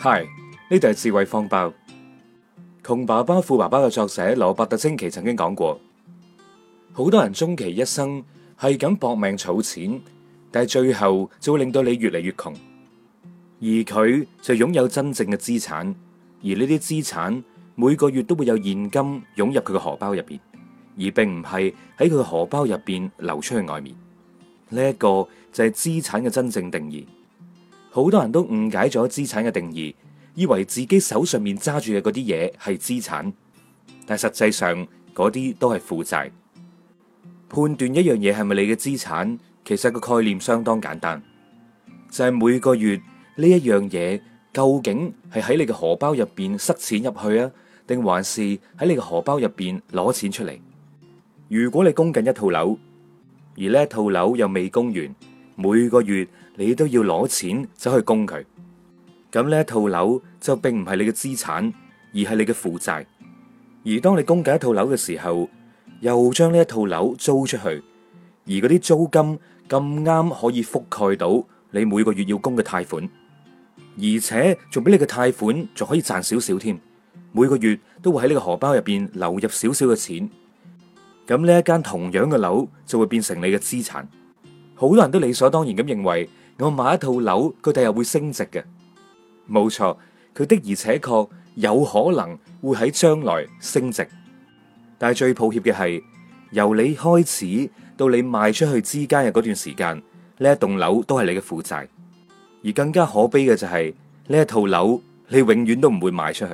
係呢度係智慧方包。窮爸爸富爸爸嘅作者羅伯特清奇曾經講過，好多人終其一生係咁搏命儲錢，但係最後就會令到你越嚟越窮，而佢就擁有真正嘅資產，而呢啲資產每個月都會有現金湧入佢嘅荷包入邊，而並唔係喺佢荷包入邊流出去外面，呢一個就係資產嘅真正定義。好多人都誤解咗資產嘅定義，以為自己手上面揸住嘅嗰啲嘢係資產，但係實際上嗰啲都係負債。判斷一樣嘢係咪你嘅資產，其實個概念相當簡單，就係每個月呢一樣嘢究竟係喺你嘅荷包入邊塞錢入去啊，定還是喺你嘅荷包入邊攞錢出嚟？如果你供緊一套樓，而呢一套樓又未供完。每個月你都要攞錢走去供佢，咁呢一套樓就並唔係你嘅資產，而係你嘅負債。而當你供緊一套樓嘅時候，又將呢一套樓租出去，而嗰啲租金咁啱可以覆蓋到你每個月要供嘅貸款，而且仲俾你嘅貸款仲可以賺少少添。每個月都會喺呢個荷包入邊流入少少嘅錢，咁呢一間同樣嘅樓就會變成你嘅資產。好多人都理所當然咁認為，我買一套樓，佢哋又會升值嘅。冇錯，佢的而且確有可能會喺將來升值。但係最抱歉嘅係，由你開始到你賣出去之間嘅嗰段時間，呢一棟樓都係你嘅負債。而更加可悲嘅就係，呢一套樓，你永遠都唔會賣出去。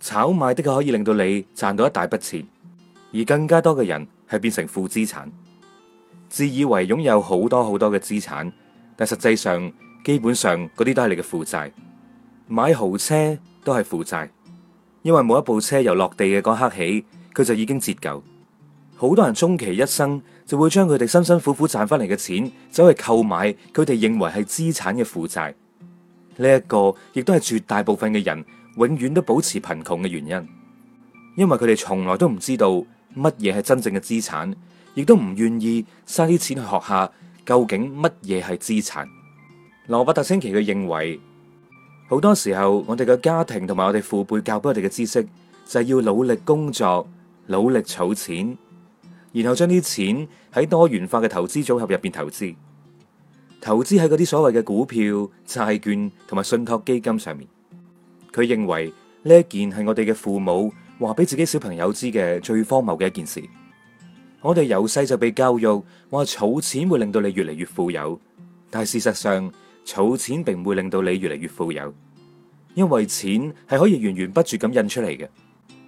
炒賣的確可以令到你賺到一大筆錢，而更加多嘅人係變成負資產。自以為擁有好多好多嘅資產，但係實際上基本上嗰啲都係你嘅負債，買豪車都係負債，因為每一部車由落地嘅嗰刻起，佢就已經折舊。好多人終其一生就會將佢哋辛辛苦苦賺翻嚟嘅錢走去購買佢哋認為係資產嘅負債，呢一個亦都係絕大部分嘅人永遠都保持貧窮嘅原因，因為佢哋從來都唔知道乜嘢係真正嘅資產。亦都唔願意嘥啲錢去學下究竟乜嘢係資產。羅伯特清奇佢認為，好多時候我哋嘅家庭同埋我哋父輩教俾我哋嘅知識，就係要努力工作、努力儲錢，然後將啲錢喺多元化嘅投資組合入邊投資，投資喺嗰啲所謂嘅股票、債券同埋信託基金上面。佢認為呢一件係我哋嘅父母話俾自己小朋友知嘅最荒謬嘅一件事。我哋由細就被教育話儲錢會令到你越嚟越富有，但係事實上儲錢並唔會令到你越嚟越富有，因為錢係可以源源不絕咁印出嚟嘅，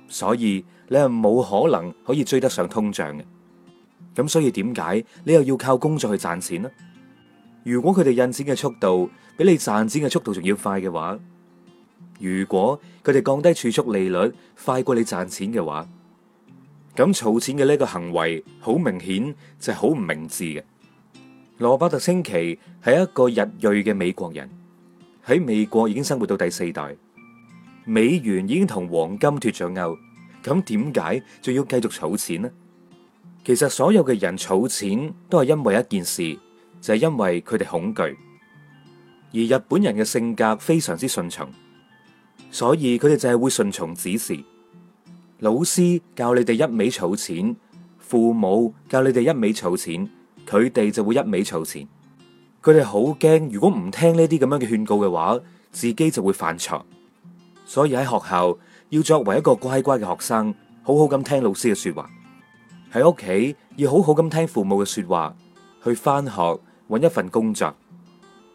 所以你係冇可能可以追得上通脹嘅。咁所以點解你又要靠工作去賺錢呢？如果佢哋印錢嘅速度比你賺錢嘅速度仲要快嘅話，如果佢哋降低儲蓄利率，快過你賺錢嘅話？咁儲錢嘅呢個行為好明顯就係好唔明智嘅。羅伯特清崎係一個日裔嘅美國人，喺美國已經生活到第四代。美元已經同黃金脱咗鈎，咁點解仲要繼續儲錢呢？其實所有嘅人儲錢都係因為一件事，就係因為佢哋恐懼。而日本人嘅性格非常之順從，所以佢哋就係會順從指示。老師教你哋一味儲錢，父母教你哋一味儲錢，佢哋就會一味儲錢。佢哋好驚，如果唔聽呢啲咁樣嘅勸告嘅話，自己就會犯錯。所以喺學校要作為一個乖乖嘅學生，好好咁聽老師嘅說話；喺屋企要好好咁聽父母嘅說話，去返學搵一份工作，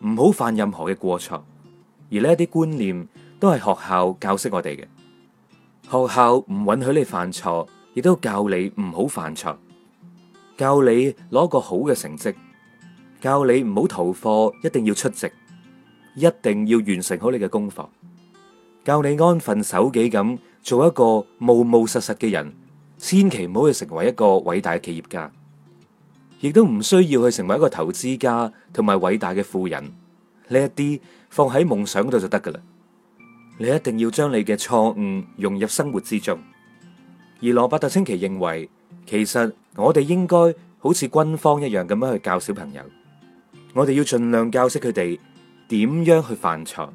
唔好犯任何嘅過錯。而呢啲觀念都係學校教識我哋嘅。學校唔允許你犯錯，亦都教你唔好犯錯，教你攞個好嘅成績，教你唔好逃課，一定要出席，一定要完成好你嘅功課，教你安分守己咁做一個務務實實嘅人，千祈唔好去成為一個偉大嘅企業家，亦都唔需要去成為一個投資家同埋偉大嘅富人，呢一啲放喺夢想度就得㗎喇。你一定要將你嘅錯誤融入生活之中。而羅伯特清奇認為，其實我哋應該好似軍方一樣咁樣去教小朋友，我哋要盡量教識佢哋點樣去犯錯，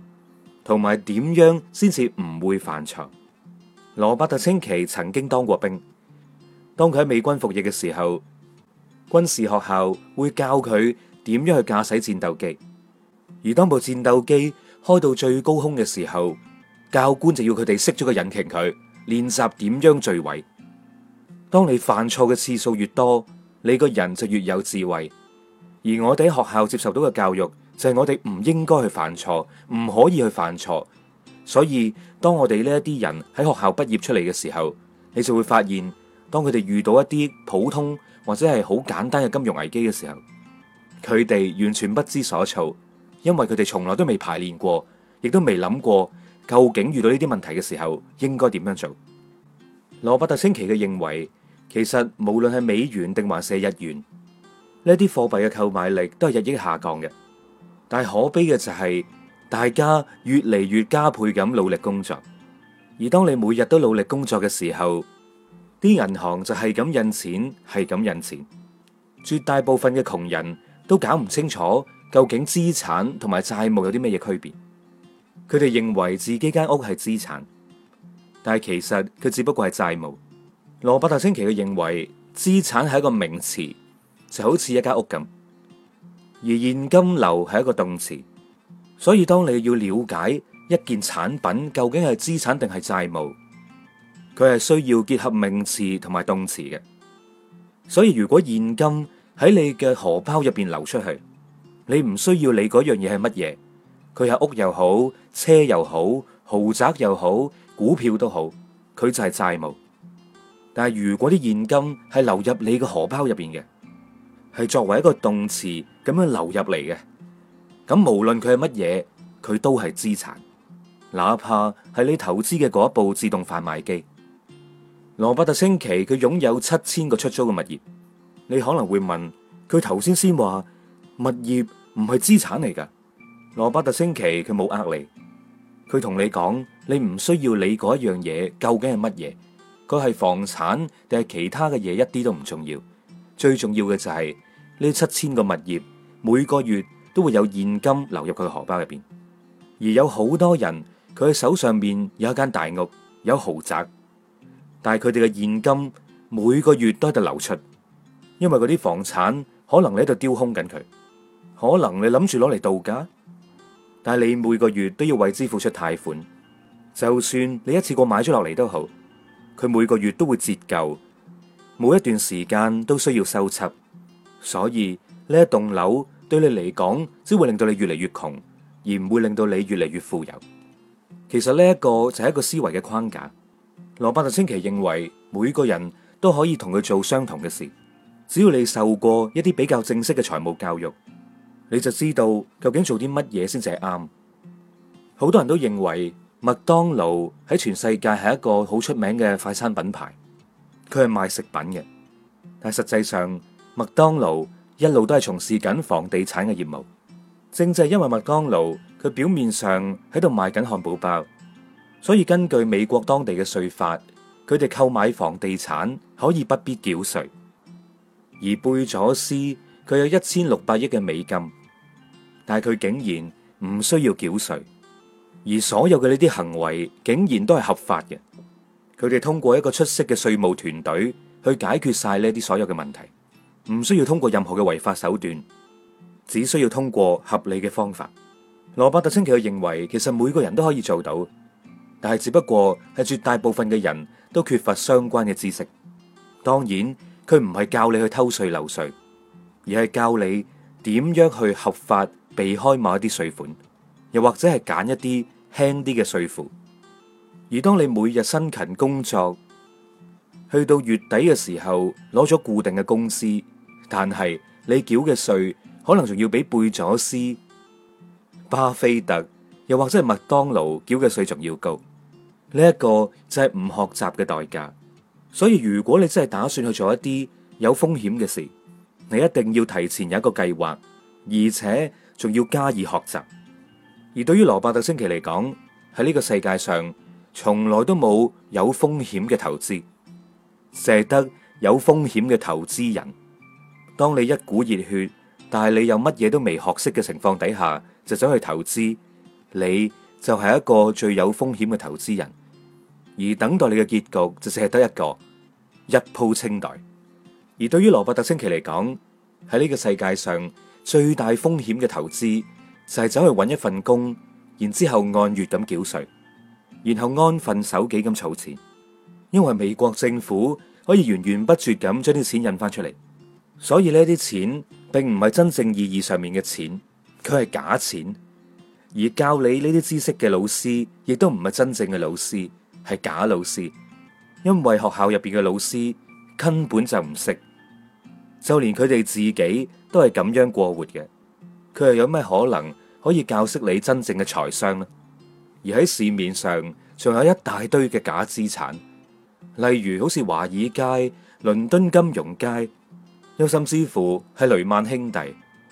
同埋點樣先至唔會犯錯。羅伯特清奇曾經當過兵，當佢喺美軍服役嘅時候，軍事學校會教佢點樣去駕駛戰鬥機，而當部戰鬥機。開到最高空嘅時候，教官就要佢哋熄咗個引擎佢，練習點樣聚位。當你犯錯嘅次數越多，你個人就越有智慧。而我哋喺學校接受到嘅教育，就係我哋唔應該去犯錯，唔可以去犯錯。所以當我哋呢一啲人喺學校畢業出嚟嘅時候，你就會發現，當佢哋遇到一啲普通或者係好簡單嘅金融危機嘅時候，佢哋完全不知所措。因為佢哋從來都未排練過，亦都未諗過究竟遇到呢啲問題嘅時候應該點樣做。羅伯特·清奇嘅認為，其實無論係美元定還是日元，呢啲貨幣嘅購買力都係日益下降嘅。但係可悲嘅就係、是，大家越嚟越加倍咁努力工作。而當你每日都努力工作嘅時候，啲銀行就係咁印錢，係咁印錢。絕大部分嘅窮人都搞唔清楚。究竟資產同埋債務有啲乜嘢區別？佢哋認為自己間屋係資產，但係其實佢只不過係債務。羅伯特清崎佢認為資產係一個名詞，就好似一間屋咁，而現金流係一個動詞。所以當你要了解一件產品究竟係資產定係債務，佢係需要結合名詞同埋動詞嘅。所以如果現金喺你嘅荷包入邊流出去。你唔需要理嗰樣嘢係乜嘢，佢係屋又好，車又好，豪宅又好，股票都好，佢就係債務。但係如果啲現金係流入你個荷包入邊嘅，係作為一個動詞咁樣流入嚟嘅，咁無論佢係乜嘢，佢都係資產，哪怕係你投資嘅嗰一部自動販賣機。羅伯特清崎佢擁有七千個出租嘅物業，你可能會問，佢頭先先話物業，唔係資產嚟㗎，羅伯特星奇佢冇呃你，佢同你講，你唔需要理嗰一樣嘢究竟係乜嘢，佢係房產定係其他嘅嘢一啲都唔重要，最重要嘅就係呢七千個物業每個月都會有現金流入佢荷包入邊，而有好多人佢嘅手上面有一間大屋，有豪宅，但係佢哋嘅現金每個月都喺度流出，因為嗰啲房產可能你喺度丟空緊佢。可能你諗住攞嚟度假，但係你每個月都要為之付出貸款。就算你一次過買咗落嚟都好，佢每個月都會折舊，每一段時間都需要收葺。所以呢一棟樓對你嚟講只會令到你越嚟越窮，而唔會令到你越嚟越富有。其實呢一個就係一個思維嘅框架。羅伯特清奇認為每個人都可以同佢做相同嘅事，只要你受過一啲比較正式嘅財務教育。你就知道究竟做啲乜嘢先至係啱。好多人都認為麥當勞喺全世界係一個好出名嘅快餐品牌，佢係賣食品嘅。但係實際上，麥當勞一路都係從事緊房地產嘅業務。正正係因為麥當勞佢表面上喺度賣緊漢堡包，所以根據美國當地嘅稅法，佢哋購買房地產可以不必繳稅。而貝佐斯佢有一千六百億嘅美金。但係佢竟然唔需要繳稅，而所有嘅呢啲行為竟然都係合法嘅。佢哋通過一個出色嘅稅務團隊去解決晒呢啲所有嘅問題，唔需要通過任何嘅違法手段，只需要通過合理嘅方法。羅伯特清崎佢認為，其實每個人都可以做到，但係只不過係絕大部分嘅人都缺乏相關嘅知識。當然，佢唔係教你去偷稅漏稅，而係教你點樣去合法。避開某一啲稅款，又或者係揀一啲輕啲嘅稅款。而當你每日辛勤工作，去到月底嘅時候，攞咗固定嘅工資，但係你繳嘅稅可能仲要比貝佐斯、巴菲特，又或者係麥當勞繳嘅稅仲要高。呢、這、一個就係唔學習嘅代價。所以如果你真係打算去做一啲有風險嘅事，你一定要提前有一個計劃，而且。仲要加以學習，而對於羅伯特·星奇嚟講，喺呢個世界上從來都冇有有風險嘅投資，舍得有風險嘅投資人。當你一股熱血，但係你又乜嘢都未學識嘅情況底下，就想去投資，你就係一個最有風險嘅投資人。而等待你嘅結局就只得一個一鋪清袋。而對於羅伯特·星奇嚟講，喺呢個世界上。最大風險嘅投資就係走去揾一份工，然之後按月咁繳稅，然後安分守己咁儲錢。因為美國政府可以源源不絕咁將啲錢印翻出嚟，所以呢啲錢並唔係真正意義上面嘅錢，佢係假錢。而教你呢啲知識嘅老師亦都唔係真正嘅老師，係假老師。因為學校入邊嘅老師根本就唔識。就連佢哋自己都係咁樣過活嘅，佢又有咩可能可以教識你真正嘅財商呢？而喺市面上仲有一大堆嘅假資產，例如好似華爾街、倫敦金融街，又甚至乎係雷曼兄弟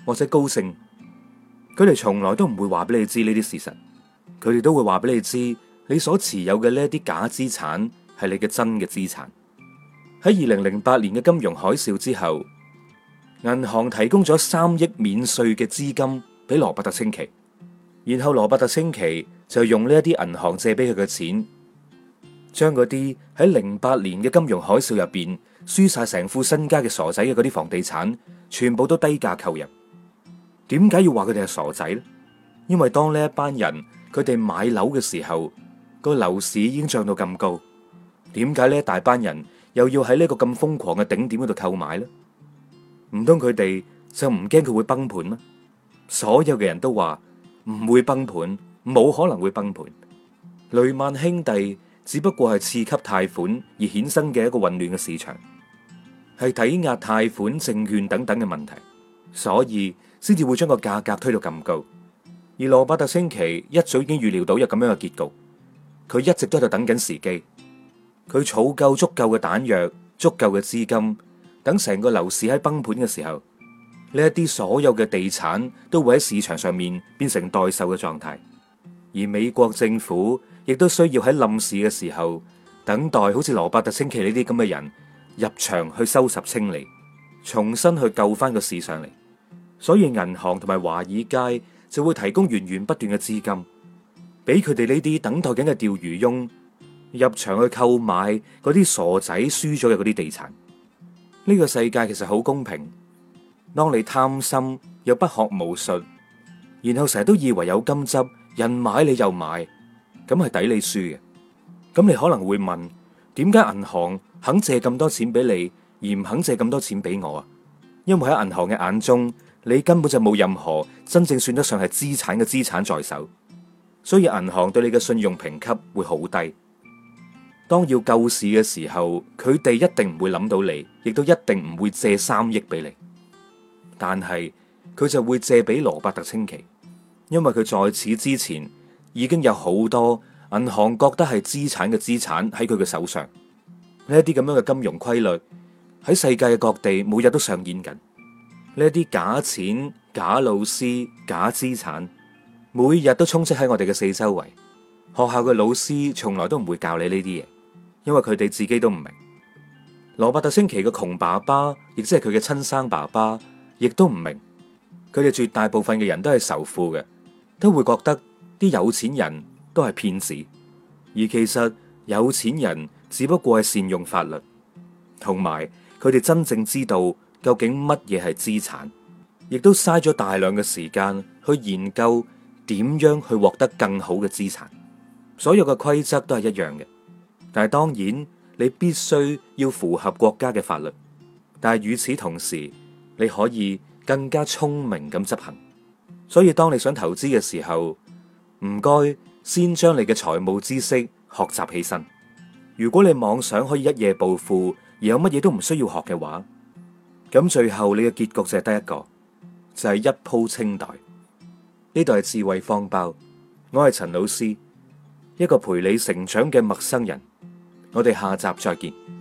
或者高盛，佢哋從來都唔會話俾你知呢啲事實，佢哋都會話俾你知，你所持有嘅呢啲假資產係你嘅真嘅資產。喺二零零八年嘅金融海嘯之後，銀行提供咗三億免稅嘅資金俾羅伯特清崎，然後羅伯特清崎就用呢一啲銀行借俾佢嘅錢，將嗰啲喺零八年嘅金融海嘯入邊輸晒成副身家嘅傻仔嘅嗰啲房地產，全部都低價購入。點解要話佢哋係傻仔咧？因為當呢一班人佢哋買樓嘅時候，個樓市已經漲到咁高，點解呢一大班人又要喺呢個咁瘋狂嘅頂點嗰度購買咧？唔通佢哋就唔驚佢會崩盤咩？所有嘅人都話唔會崩盤，冇可能會崩盤。雷曼兄弟只不過係次級貸款而衍生嘅一個混亂嘅市場，係抵押貸款、證券等等嘅問題，所以先至會將個價格推到咁高。而羅伯特·星期一早已經預料到有咁樣嘅結局，佢一直都喺度等緊時機，佢儲夠足夠嘅彈藥，足夠嘅資金。等成個樓市喺崩盤嘅時候，呢一啲所有嘅地產都會喺市場上面變成待售嘅狀態，而美國政府亦都需要喺冧市嘅時候，等待好似羅伯特清崎呢啲咁嘅人入場去收拾清理，重新去救翻個市上嚟。所以銀行同埋華爾街就會提供源源不斷嘅資金，俾佢哋呢啲等待緊嘅釣魚翁入場去購買嗰啲傻仔輸咗嘅嗰啲地產。呢個世界其實好公平，當你貪心又不學無術，然後成日都以為有金執人買你又買，咁係抵你輸嘅。咁你可能會問，點解銀行肯借咁多錢俾你，而唔肯借咁多錢俾我啊？因為喺銀行嘅眼中，你根本就冇任何真正算得上係資產嘅資產在手，所以銀行對你嘅信用評級會好低。當要救市嘅時候，佢哋一定唔會諗到你，亦都一定唔會借三億俾你。但係佢就會借俾羅伯特清崎，因為佢在此之前已經有好多銀行覺得係資產嘅資產喺佢嘅手上。呢啲咁樣嘅金融規律喺世界嘅各地每日都上演緊。呢啲假錢、假老師、假資產，每日都充斥喺我哋嘅四周圍。學校嘅老師從來都唔會教你呢啲嘢。因為佢哋自己都唔明，羅伯特·星奇個窮爸爸，亦即係佢嘅親生爸爸，亦都唔明。佢哋絕大部分嘅人都係仇富嘅，都會覺得啲有錢人都係騙子，而其實有錢人只不過係善用法律，同埋佢哋真正知道究竟乜嘢係資產，亦都嘥咗大量嘅時間去研究點樣去獲得更好嘅資產。所有嘅規則都係一樣嘅。但係當然，你必須要符合國家嘅法律。但係與此同時，你可以更加聰明咁執行。所以當你想投資嘅時候，唔該先將你嘅財務知識學習起身。如果你妄想可以一夜暴富而有乜嘢都唔需要學嘅話，咁最後你嘅結局就係得一個，就係一鋪清袋。呢度係智慧方包，我係陳老師，一個陪你成長嘅陌生人。我哋下集再見。